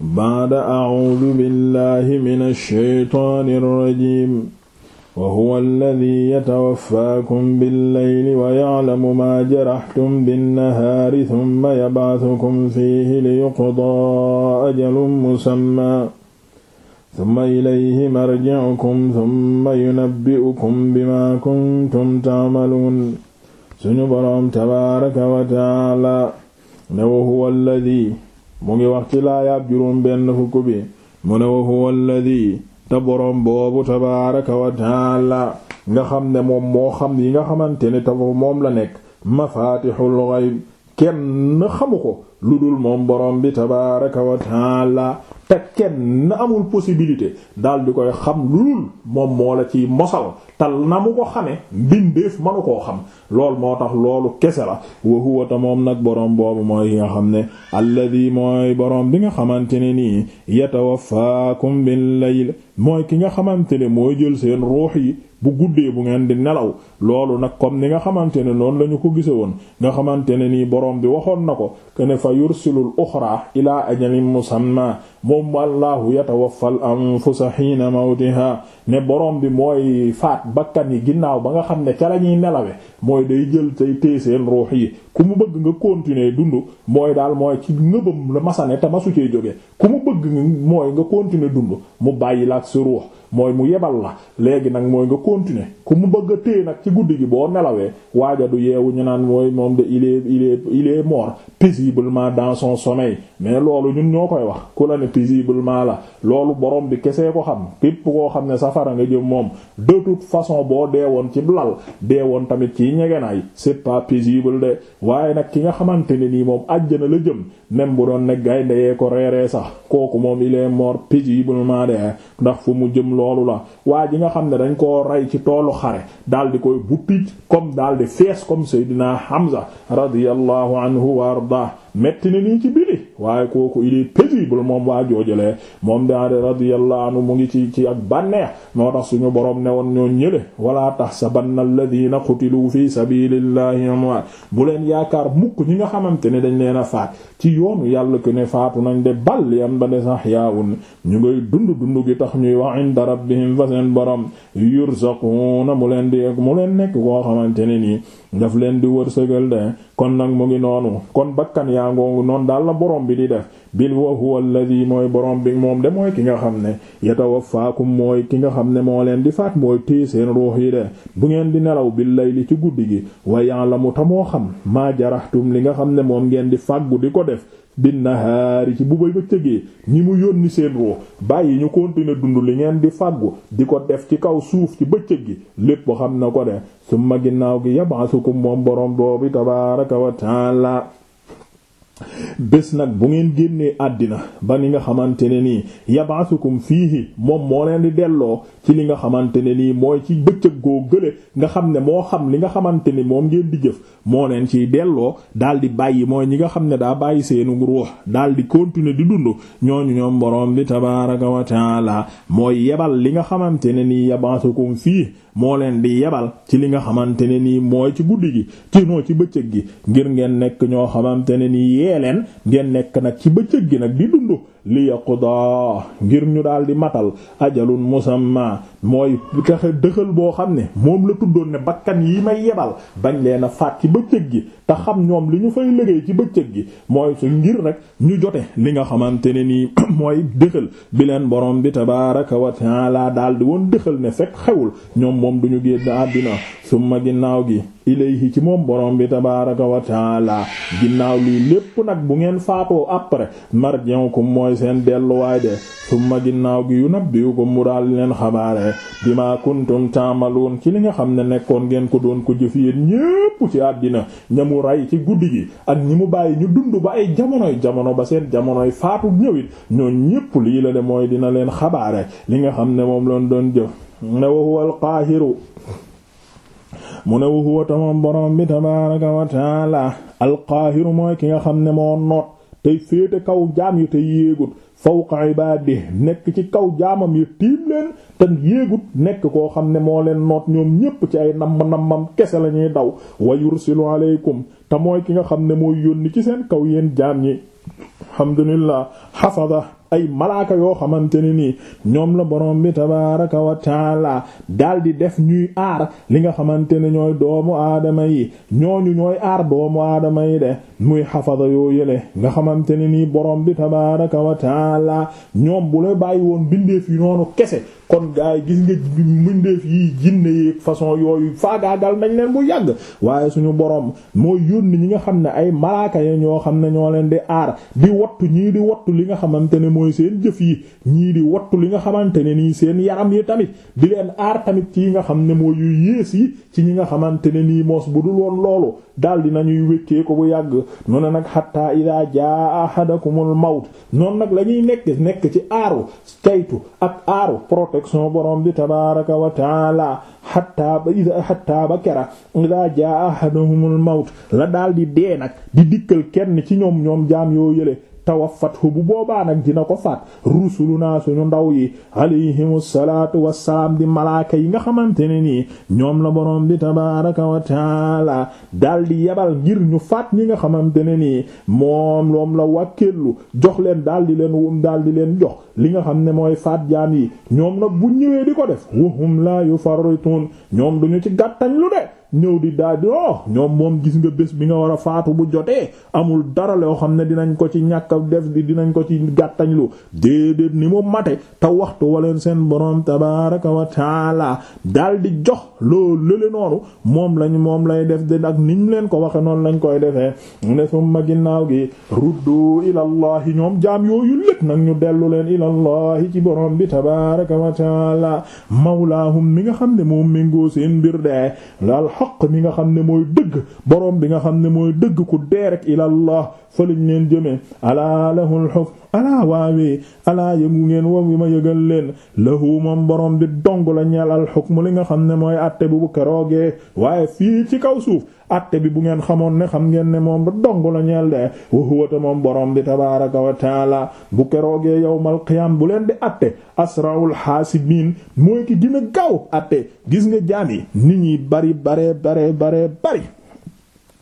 baada acuudu billahi min alsheytaani alrajim wa huwa alladi yatawafaakum billayli wa yaclamu maa jaraxtum binnahaari tumma yabcacukum fiihi liyuqdaa ajalun musammaa tumma ilayhi marjicukum tumma yunabbi'ukum bimaa kuntum tacmaluun suñu boroom tabaaraka wa tacaala ne wa huwa alladi mu ngi wax ci laayaab juróom benn fukk bi mu ne wa huwa alladi te boroom boobu tabaaraka wa taala nga xam ne moom moo xam yi nga xamante ne te moom la nekk mafaatixul gayb kenn xamu ko lu dul moom borom bi tabaaraka wa taala te kenn amul possibilité daal di koy xam lul moom moo la ciy mosal tal na mu ko xame mbindeef manu koo xam lool moo tax loolu kese la wa huwa ta moom nag boroom boobu mooy nga xam ne alladi mooy boroom bi nga xamante ne nii yatawaffaakum bil layl mooy ki nga xamante ne mooy jël seen ruux yi bu guddee bu ngeen di nelaw loolu nag comme ni nga xamante ne noonu lañu ñu ko gise woon nga xamante ne nii boroom bi waxoon na ko kene fa yursilul uxra ila ajalin musamma moom allahu yatawaffal anfusa xiina mawtiha ne borom bi mooy faat bakkan yi ginnaaw ba nga xam ne ca la ñuy nelawe mooy day jël tey téy seen ruux yi ku mu bëgg nga continuer dund mooy daal mooy ci ngëbam la masane te masu cee jógee ku mu bëgg mooy nga continuer dund mu bàyyi la ak sa ruux mooy mu yebal la léegi nag mooy nga continuer ku mu bëgg a téye nag ci guddi gi boo nelawee waaja du yeewu ñu naan mooy moom de il est il est il est mort dans son sommeil mais loolu ñun ñoo koy wax ku la ne paisiblement la loolu borom bi kese ko xam képp koo xam ne safara nga jëm moom de façon boo deewoon ci lal deewoon tamit ci ñegenaay c'est pas paisible de waaye nag ki nga xamante ne nii moom àjjana la jëm même bu doon nag gaynde yee ko reeree sax kooku moom il est mort paisiblement de ndax fu mu jëm loolu la waa ji nga xam ne dañ koo rey ci toolu xare daal di koy buppic comme daal di fees comme Seydina Hamza radiyallahu anhu wa arda metti na nii ci biti waaye kooku il est paisible moom waa joojalee moom daade radiyallahu anhu mu ngi ci ci ak bànneex moo tax suñu borom ne woon ñoo ñële wala tahsabanna alladhina qutilu fi sabilillahi amwaat bu leen yaakaar mukk ñi nga xamante ne dañ leen a faat ci yoonu yàlla ko ne faatu nañ de bal yam ba de sax yaawun ñu ngay dund dund gi tax ñuy wax inda rabbihim fa seen borom yurzaquna mu leen di mu leen nekk koo xamante ne nii daf leen di wërsëgal de kon nag mu yaa ngoongu noonu daal la borom bi di def bil wa huwa mooy borom bi moom de mooy ki nga xam ne yatawaffaakum mooy ki nga xam ne moo leen di faat mooy téye seen ruux yi de bu ngeen di nelaw bil layli ci guddi gi wa ya'lamu ta moo xam maa jarahtum li nga xam ne moom ngeen di fàggu di ko def binnahaari ci bu bay ba cëgee ñi mu yónni seen ruux bàyyi ñu continuer dund li ngeen di fàggu di ko def ci kaw suuf ci bëccëg gi lépp xam na ko de summa ginnaaw gi yab'asukum moom borom doobi tabaaraka wa ta'ala bés nag bu ngeen génnee àddina ba ni nga xamante ne nii yabaasukum fii moom moo leen di delloo ci li nga xamante ne nii mooy ci bëccëg goo gële nga xam ne moo xam li nga xamante ni moom ngeen di jëf moo leen ciy delloo daal di bàyyi mooy ñi nga xam ne daa bàyyi seenu ruux daal di continuer di dund ñooñu ñoom borom bi tabaaraka wa taala mooy yebal li nga xamante ne nii yabaasukum fii moo leen di yebal ci li nga xamante ne nii mooy ci guddi gi ci noo ci bëccëg gi ngir ngeen nekk ñoo xamante ne nii yee leen ngeen nekk nag ci bëccëg gi nag di dund li yaqda ngir ñu daal di matal ajalun musamma mooy taxe dëxal boo xam ne moom la tuddoon ne bakkan yi may yebal bañ leen a faat ci bëccëg gi te xam ñoom li ñu fay liggéey ci bëccëg gi mooy su ngir rek ñu jote li nga xamante ne nii mooy dëxal bi borom bi tabaaraka wa ta'ala daal di woon dëxal ne xewul moom duñu génn àddina summa ginnaaw gi ilayhi ci moom borom bi tabaaraka wa taala ginnaaw lii lépp nag bu ngeen faatoo après marji'ukum mooy seen delluwaay de summa ginnaaw gi yunabbi'ukum mu daal leen xabaare bima kuntum woon ci li nga xam ne nekkoon ngeen ko doon ko jëf yéen ñépp ci àddina ña mu rey ci guddi gi ak ñi mu bàyyi ñu dund ba ay jamonoy jamono ba seen jamonoy faatu ñëwit ñoo ñépp lii la de mooy dina leen xabaare li nga xam ne mu ne wa huwa alqaahiru mu ne wa huwa tamam borom bi tabaaraka wa taala alqaahiru mooy ki nga xam ne moo noot tey féete kaw jaam yi te yéegut fawqa ibaadi nekk ci kaw jaamam yi tiim leen te yéegut nekk koo xam ne moo leen noot ñoom ñépp ci ay namb nambam kese lañuy daw wa yursilu aleykum te mooy ki nga xam ne mooy yónni ci seen kaw yéen jaam yi alhamdulillah xafada ay malaaka yoo xamante ne nii ñoom la borom bi tabaaraka wa taala daal di def ñuy aar li nga xamante ne ñooy doomu aadama yi ñooñu ñooy aar doomu aadama yi de muy xafada yoo yële nga xamante ne nii borom bi tabaaraka wa taala ñoom bu la bàyyi woon bindeef yi noonu kese kon gars yi gis nga mbindeef yi jinne yi façon yooyu faagaagal nañ leen bu yàgg waaye suñu borom mooy yónni ñi nga xam ne ay malaaka ya ñoo xam ne ñoo leen di aar di wattu ñii di wattu li nga xamante ne mooy seen jëf yi ñii di wattu li nga xamante ne nii seen yaram yi tamit di leen aar tamit ci yi nga xam ne mooy yu yées yi ci ñi nga xamante ne nii moos bu dul woon loolu daal dinañuy wékkee ko bu yàgg ñu ne nag xatta ida jaa ahadakumul mawt noonu nag lañuy nekk nekk ci aaru caytu ak aaru proté protection borom bi tabaaraka wa taala xataa ba ida xataa ba a ida jaa ahaduhumul la daal di dee nag di dikkal kenn ci ñoom ñoom jam yoo yële tawaffathu bu boobaa nag dina ko faat naa suñu ndaw yi alayhimu salaatu wassalaam di malaaka yi nga xamante ne nii ñoom la boroom bi tabaaraka wa taala daldi yebal ngir ñu faat ñi nga xamante ne nii moom loom la wàkkeelu jox leen daldi leen wum daldi leen jox li nga xam ne mooy fat jaan yi ñoom nag bu ñëwee di ko def wahum la yufarritun ñoom duñu ci gàttañ lu de ñëw di daal di oh ñoom moom gis nga bés bi nga war a faatu bu jotee amul dara loo xam ne dinañ ko ci ñàkk def di dinañ ko ci gàttañlu lu ni mu mate te waxtu waleen seen borom tabaaraka wa taala daal di jox loo lële noonu moom lañ moom lay def de ak niñ leen ko waxe noonu lañ koy defee mu ne summa ginnaaw gi ruddu ilallahi ñoom jaam yooyu lépp nag ñu dellu leen ilallahi ci boroom bi tabaaraka wa taala mawlaahum mi nga xam ne moom méngoo seen mbir de xaq mi nga xam ne mooy dëgg boroom bi nga xam ne mooy dëgg ku dee rek ilallah fa lañ leen jëmee alaa lahul hukm alaa waawee alaa ngeen wom yi ma yëgal leen lahu moom borom bi dong la ñeel al hukm li nga xam ne mooy atte bi bu keroogee waaye fii ci kaw suuf atte bi bu ngeen xamoon ne xam ngeen ne moom dong la ñeel de wa moom borom bi tabaaraka wa taala bu keroogee yawmal qiyaam bu leen di atte asraul haasibiin mooy ki gën a gaaw gis nga jaam yi nit ñi bari bare bare bare bari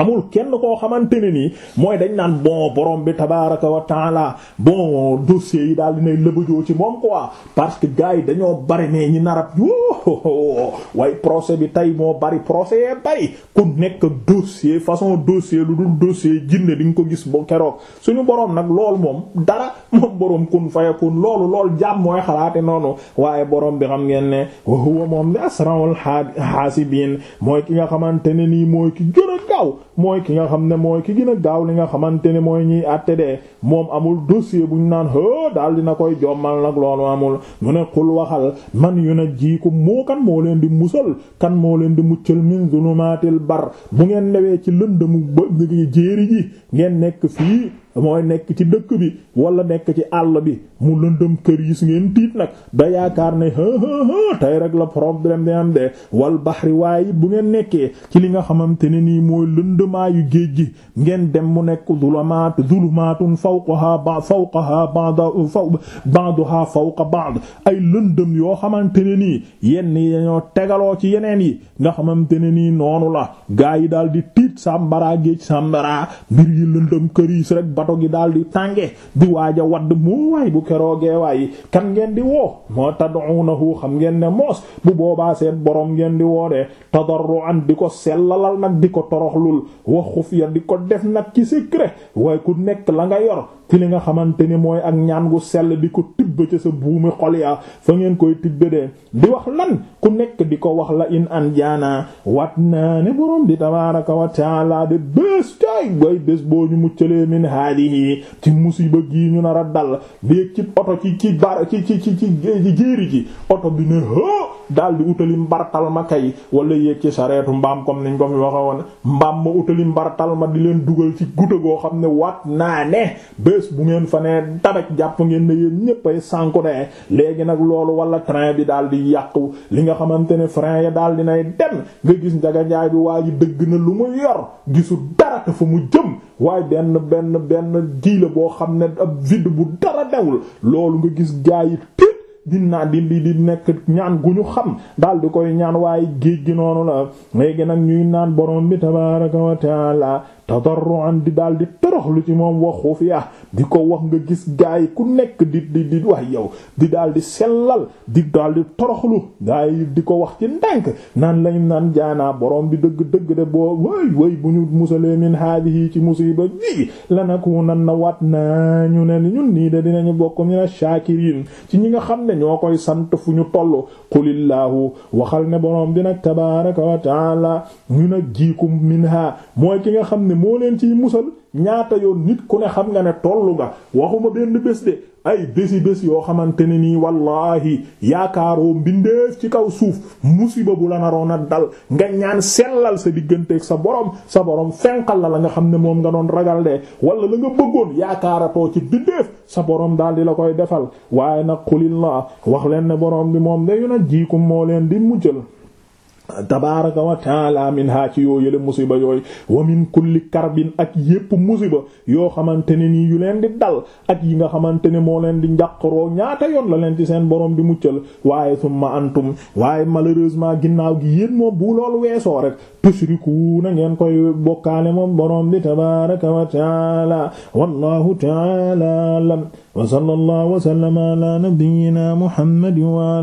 amul kenn koo xamante ne nii mooy dañ naan bon borom bi tabaraka wa taala bon dossier yi daal dinay lëbëjoo ci moom quoi parce que gars yi dañoo bari ne ñi narab yoo waaye procès bi tey moo bari procès yee bari ku nekk dossier façon dossier lu dul dossier jinne di nga ko gis bo keroog suñu borom nag lool moom dara moom borom kun fayakun loolu lool jàmm mooy xalaate noonu waaye borom bi xam ngeen ne wa moom bi asraul xaasibiin mooy ki nga xamante ne nii mooy ki gën a gaaw mooy ki nga xam ne mooy ki gën a gaaw li nga xamante ne mooy ñuy àtte de moom amul dossier bu ñu naan hë daal dina koy jommal nag loolu amul mu ne xul waxal man yu na jiiku moo kan moo leen di musal kan moo leen di muccal min zulumaatil bar bu ngeen newee ci lëndëmu ba jéeri ji ngeen nekk fii mooy nekk ci dëkk bi wala nekk ci àll bi mu lëndëm kër yi su ngeen tiit nag da yaakaar ne ha tey rek la problème di am wal baxri waaye bu ngeen nekkee ci li nga xamante ne nii mooy lëndëmaayu géej gi ngeen dem mu nekk zulumaat zulumaatun fawqaha ba fawqaha ba'daha fawqa ba'd ay lëndëm yoo xamante ne nii yenn yi dañoo tegaloo ci yeneen yi nga xamante ne nii noonu la gaa yi daal di tiit sàmbaraa géej sàmbaraa mbir yi lëndëm kër yi rek bato gi daal di tànge di waaja a wadd moo waay bu keroogee waay kan ngeen di woo moo tad'unahu xam ngeen ne moos bu boobaa seet borom ngeen di woo de tadarruan di ko sellalal nag di ko toroxlul wa xufya di ko def nag ci secret waaye ku nekk la nga yor ci li nga xamante ni mooy ak ñaan gu sell bi ko tibb ci sa buumi xol yaa fa ngeen koy tibbe de di wax lan ku nekk di ko wax la in an jaana wat naa ne borom di tabaaraka wa taala de bés tay bay bés boo ñu mu muccalee min haadihi ci musiba gii ñu nar a dal léeg ci oto ci ci bar ci ci ci ci gi ji oto bi ne hë daal di utali mbartal ma kay wala yéeg ci sareetu mbaam comme niñ ko fi waxe mbaam ma utali mbartal ma di leen dugal ci guta goo xam ne waat naa ne bés bu ngeen fa nee dabaj jàpp ngeen ne yéen ñépp ay sànku ne léegi nag loolu wala train bi daal di yàqu li nga xamante ne frein ya daal di nay dem nga gis njaga njaay bi waa ji dëgg na lu mu yor gisu dara te mu jëm waaye benn benn benn ji boo xam ne ab vide bu dara dewul loolu nga gis gaay yi dinaa di di di nekk ñaan gu ñu xam daal di koy ñaan waaye géej gi noonu la léegi nag ñuy naan borom bi tabaaraka wa la tadarruan di daal di toroxlu ci moom wax xufiya ah. di ko wax nga gis gaay ku nekk di di di wax yow di daal di sellal di daal di toroxlu gaay di ko wax ci ndànk naan lañ naan jaanaa borom bi dëgg-dëgg de boo way way bu ñu musalee min haadihi ci musiba bii lanakunan na wat naa ñu ne ñun nii de dinañu bokk mina shaakiriin ci ñi nga xam ne ñoo koy sant fu ñu toll qulillaahu waxal ne borom bi nag tabaaraka wa taala ñu na jiikum minha mooy ki nga xam ne moo leen ciy musal ñaata yoon nit ku ne xam nga ne tollu nga waxuma benn bés de ay bési bés yoo xamante ne nii wallaahi yaakaaroo mbindeef ci kaw suuf musiba bu la naroon a dal nga ñaan sellal sa digganteeg sa borom sa borom fenqal la la nga xam ne moom nga doon ragal de wala la nga bëggoon yaakaaratoo ci mbindeef sa borom daal di la koy defal waaye nag xulil la wax leen ne borom bi moom de yu na jiikum moo leen di mujjal tabaraka wa min ha ci yoo yële musiba yooyu wa min kulli karbin ak yépp musiba yoo xamante ne nii yu leen di dal ak yi nga xamante ne moo leen di njàqaroo ñaata yoon la leen ci seen borom di muccal waaye summa antum waaye malheureusement ginnaaw gi yéen moom bu loolu weesoo rek tushriku na ngeen koy bokkaale moom borom di tabaraka wa taala wallahu taala alam wa sallallahu wa sallama ala nabiyyina muhammad wa